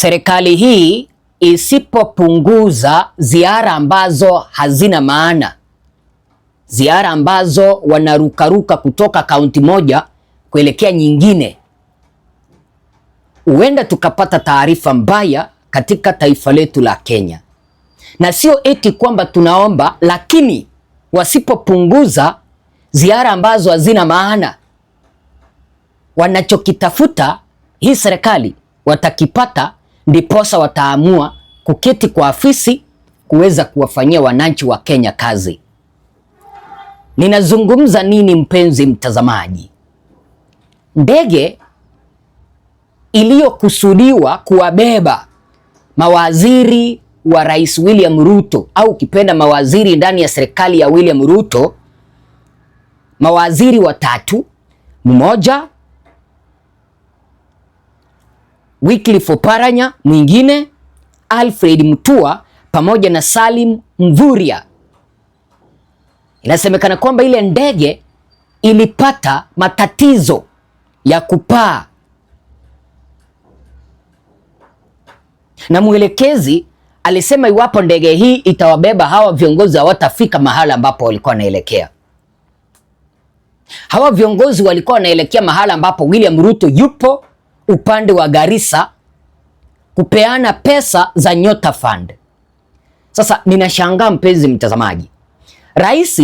Serikali hii isipopunguza ziara ambazo hazina maana, ziara ambazo wanarukaruka kutoka kaunti moja kuelekea nyingine, huenda tukapata taarifa mbaya katika taifa letu la Kenya. Na sio eti kwamba tunaomba, lakini wasipopunguza ziara ambazo hazina maana, wanachokitafuta hii serikali watakipata ndiposa wataamua kuketi kwa afisi kuweza kuwafanyia wananchi wa Kenya kazi. Ninazungumza nini, mpenzi mtazamaji? Ndege iliyokusudiwa kuwabeba mawaziri wa Rais William Ruto au kipenda mawaziri ndani ya serikali ya William Ruto, mawaziri watatu, mmoja Wycliffe Oparanya mwingine, Alfred Mutua pamoja na Salim Mvurya. Inasemekana kwamba ile ndege ilipata matatizo ya kupaa na mwelekezi alisema iwapo ndege hii itawabeba hawa viongozi hawatafika mahala ambapo walikuwa wanaelekea. Hawa viongozi walikuwa wanaelekea mahala ambapo William Ruto yupo upande wa Garissa kupeana pesa za Nyota Fund. Sasa ninashangaa mpenzi mtazamaji, rais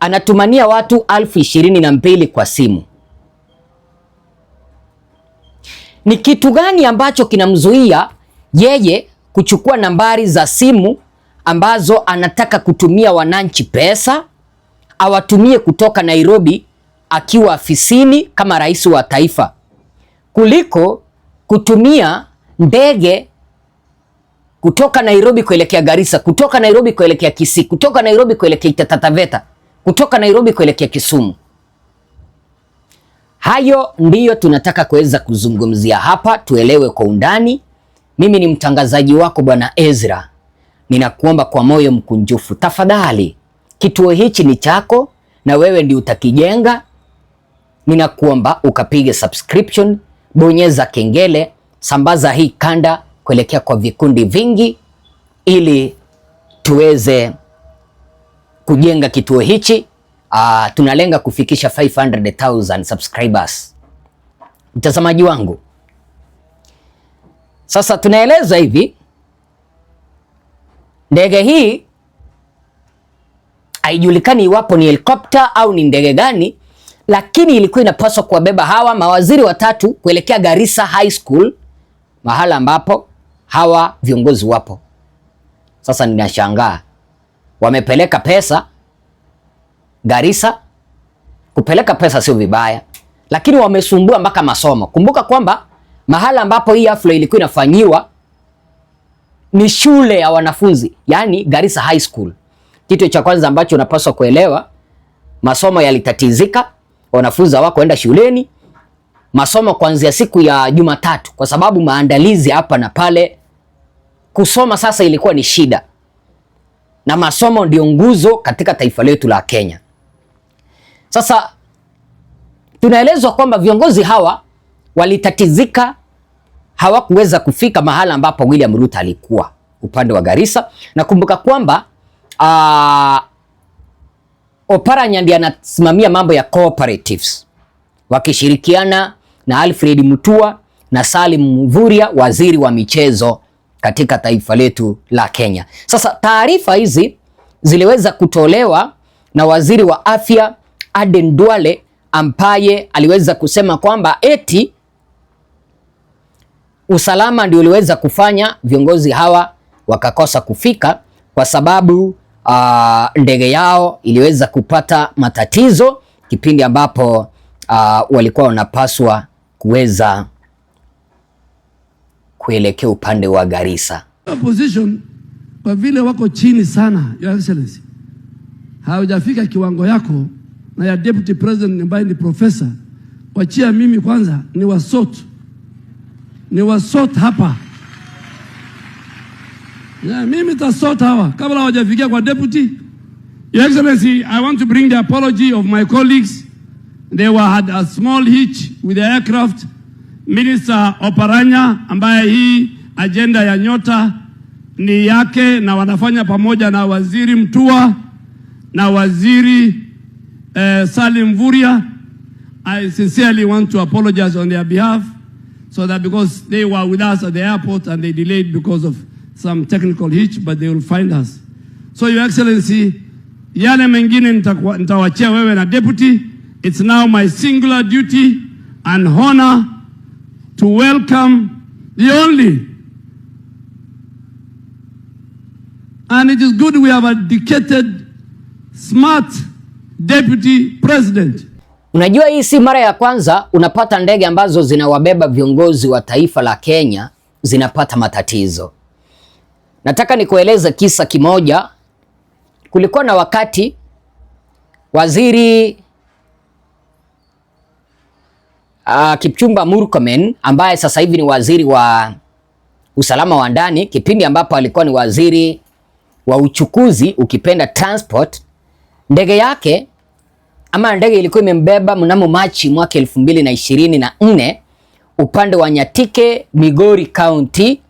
anatumania watu elfu ishirini na mbili kwa simu. Ni kitu gani ambacho kinamzuia yeye kuchukua nambari za simu ambazo anataka kutumia wananchi pesa, awatumie kutoka Nairobi akiwa afisini kama rais wa taifa? kuliko kutumia ndege kutoka Nairobi kuelekea Garissa, kutoka Nairobi kuelekea Kisii, kutoka Nairobi kuelekea Tatataveta, kutoka Nairobi kuelekea Kisumu. Hayo ndiyo tunataka kuweza kuzungumzia hapa, tuelewe kwa undani. Mimi ni mtangazaji wako Bwana Ezra, ninakuomba kwa moyo mkunjufu, tafadhali, kituo hichi ni chako na wewe ndio utakijenga. Ninakuomba ukapige subscription bonyeza kengele, sambaza hii kanda kuelekea kwa vikundi vingi, ili tuweze kujenga kituo hichi. Uh, tunalenga kufikisha 500,000 subscribers. Mtazamaji wangu, sasa tunaeleza hivi, ndege hii haijulikani iwapo ni helikopta au ni ndege gani, lakini ilikuwa inapaswa kuwabeba hawa mawaziri watatu kuelekea Garissa High School, mahala ambapo hawa viongozi wapo. Sasa ninashangaa wamepeleka pesa Garissa. Kupeleka pesa sio vibaya, lakini wamesumbua mpaka masomo. Kumbuka kwamba mahala ambapo hii hafla ilikuwa inafanyiwa ni shule ya wanafunzi, yani Garissa High School. Kitu cha kwanza ambacho unapaswa kuelewa, masomo yalitatizika wanafunzi hawakuenda shuleni, masomo kuanzia siku ya Jumatatu kwa sababu maandalizi hapa na pale. Kusoma sasa ilikuwa ni shida, na masomo ndio nguzo katika taifa letu la Kenya. Sasa tunaelezwa kwamba viongozi hawa walitatizika, hawakuweza kufika mahala ambapo William Ruto alikuwa upande wa Garissa. Nakumbuka kwamba aa, Oparanya ndiye anasimamia mambo ya cooperatives wakishirikiana na Alfred Mutua na Salim Mudhuria, waziri wa michezo katika taifa letu la Kenya. Sasa taarifa hizi ziliweza kutolewa na waziri wa afya Aden Duale ambaye aliweza kusema kwamba eti usalama ndio uliweza kufanya viongozi hawa wakakosa kufika kwa sababu uh, ndege yao iliweza kupata matatizo kipindi ambapo uh, walikuwa wanapaswa kuweza kuelekea upande wa Garissa. Opposition kwa vile wako chini sana, Your Excellency, hawajafika kiwango yako na ya deputy president ambaye ni profesa. Kwa chia mimi kwanza ni wasot ni wasot hapa Yeah, mimi tasota hawa kabla hawajafikia kwa deputy. Your Excellency, I want to bring the apology of my colleagues. They were had a small hitch with the aircraft. Minister Oparanya ambaye hii ajenda ya nyota ni yake na wanafanya pamoja na Waziri Mtua na Waziri eh, Salim Vuria. I sincerely want to apologize on their behalf so that because they were with us at the airport and they delayed because of some technical hitch but they will find us. So your excellency, yale mengine nitawachia wewe na deputy. It's now my singular duty and honor to welcome the only and it is good we have a dedicated smart deputy president. Unajua, hii si mara ya kwanza unapata ndege ambazo zinawabeba viongozi wa taifa la Kenya zinapata matatizo. Nataka nikueleze kisa kimoja. Kulikuwa na wakati waziri uh, Kipchumba Murkomen ambaye sasa hivi ni waziri wa usalama wa ndani, kipindi ambapo alikuwa ni waziri wa uchukuzi, ukipenda transport, ndege yake ama ndege ilikuwa imembeba mnamo Machi mwaka elfu mbili na ishirini na nne upande wa Nyatike, Migori County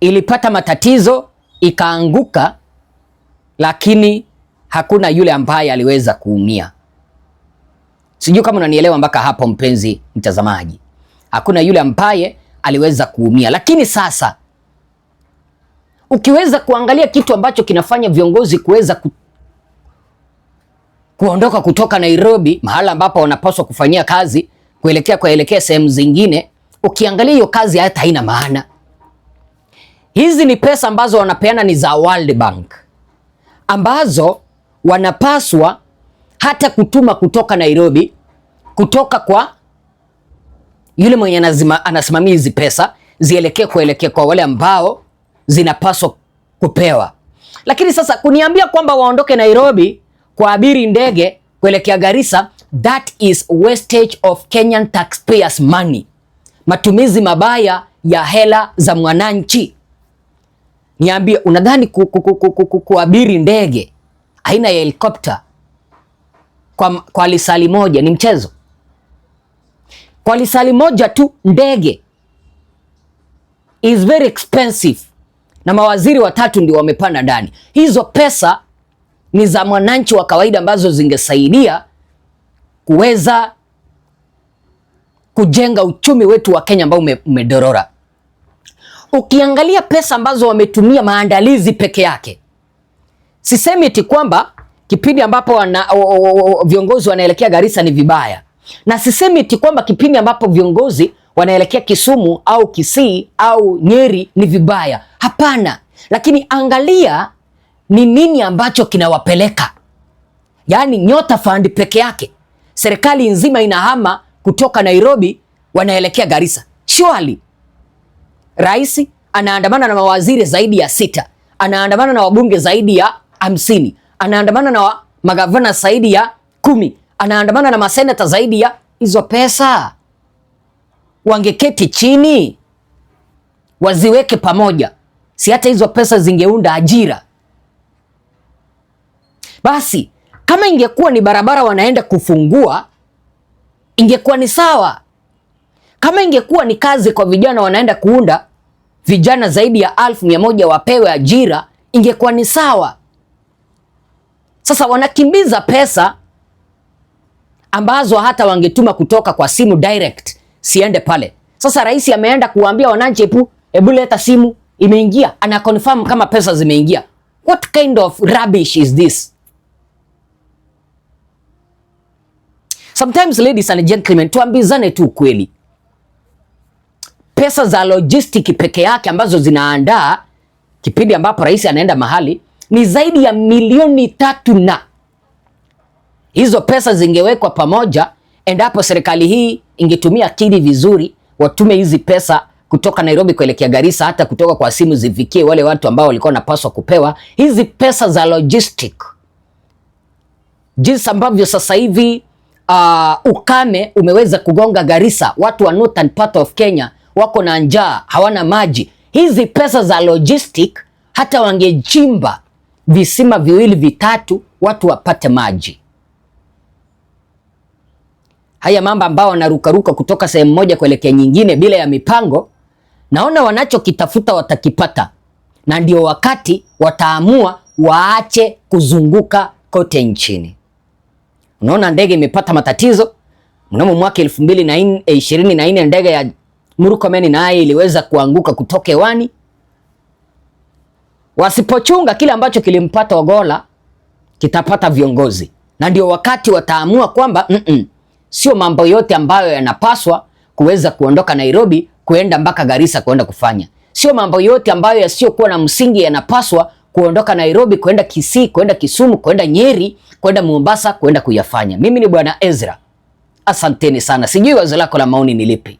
ilipata matatizo ikaanguka, lakini hakuna yule ambaye aliweza kuumia. Sijui kama unanielewa mpaka hapo, mpenzi mtazamaji. Hakuna yule ambaye aliweza kuumia, lakini sasa ukiweza kuangalia kitu ambacho kinafanya viongozi kuweza ku... kuondoka kutoka Nairobi, mahala ambapo wanapaswa kufanyia kazi kuelekea kuelekea sehemu zingine, ukiangalia hiyo kazi hata haina maana. Hizi ni pesa ambazo wanapeana ni za World Bank ambazo wanapaswa hata kutuma kutoka Nairobi, kutoka kwa yule mwenye anasimamia hizi pesa zielekee kuelekea kwa wale ambao zinapaswa kupewa. Lakini sasa kuniambia kwamba waondoke Nairobi kwa abiri ndege kuelekea Garissa, that is wastage of Kenyan taxpayers money, matumizi mabaya ya hela za mwananchi. Niambie, unadhani kuabiri ndege aina ya helikopta kwa, kwa lisali moja ni mchezo? Kwa lisali moja tu ndege is very expensive, na mawaziri watatu ndio wamepanda ndani. Hizo pesa ni za mwananchi wa kawaida ambazo zingesaidia kuweza kujenga uchumi wetu wa Kenya ambao umedorora ukiangalia pesa ambazo wametumia maandalizi peke yake, sisemi eti kwamba kipindi ambapo wana, o, o, o, viongozi wanaelekea Garissa ni vibaya, na sisemi eti kwamba kipindi ambapo viongozi wanaelekea Kisumu au Kisii au Nyeri ni vibaya, hapana. Lakini angalia ni nini ambacho kinawapeleka, yaani Nyota Fund peke yake, serikali nzima inahama kutoka Nairobi wanaelekea Garissa. Surely Rais anaandamana na mawaziri zaidi ya sita, anaandamana na wabunge zaidi ya hamsini, anaandamana na magavana zaidi ya kumi, anaandamana na maseneta zaidi ya hizo. Pesa wangeketi chini waziweke pamoja, si hata hizo pesa zingeunda ajira? Basi kama ingekuwa ni barabara wanaenda kufungua ingekuwa ni sawa. Kama ingekuwa ni kazi kwa vijana wanaenda kuunda vijana zaidi ya elfu mia moja wapewe ajira, ingekuwa ni sawa. Sasa wanakimbiza pesa ambazo hata wangetuma kutoka kwa simu direct, siende pale. Sasa rais ameenda kuambia wananchi, epu, ebu leta simu, imeingia. Ana confirm kama pesa zimeingia. What kind of rubbish is this? Sometimes ladies and gentlemen, tuambizane tu ukweli pesa za logistiki peke yake ambazo zinaandaa kipindi ambapo rais anaenda mahali ni zaidi ya milioni tatu, na hizo pesa zingewekwa pamoja endapo serikali hii ingetumia akili vizuri, watume hizi pesa kutoka Nairobi kuelekea Garissa, hata kutoka kwa simu zifikie wale watu ambao walikuwa wanapaswa kupewa hizi pesa za logistic. Jinsi ambavyo sasa hivi uh, ukame umeweza kugonga Garissa, watu wa northern part of Kenya wako na njaa, hawana maji. Hizi pesa za logistic, hata wangechimba visima viwili vitatu, watu wapate maji. Haya mambo ambao wanarukaruka kutoka sehemu moja kuelekea nyingine bila ya mipango, naona wanachokitafuta watakipata, na ndio wakati wataamua waache kuzunguka kote nchini. Unaona ndege imepata matatizo mnamo mwaka 2024 eh, ndege ya Murkomen naye iliweza kuanguka kutoka hewani. Wasipochunga kile ambacho kilimpata Ogola kitapata viongozi, na ndio wakati wataamua kwamba mm -mm, sio mambo yote ambayo yanapaswa kuweza kuondoka Nairobi kuenda mpaka Garissa kuenda kufanya, sio mambo yote ambayo yasiyokuwa na msingi yanapaswa kuondoka Nairobi kwenda Kisii kwenda Kisumu kwenda Nyeri kwenda Mombasa kwenda kuyafanya. Mimi ni Bwana Ezra, asanteni sana. Sijui wazo lako la maoni ni lipi?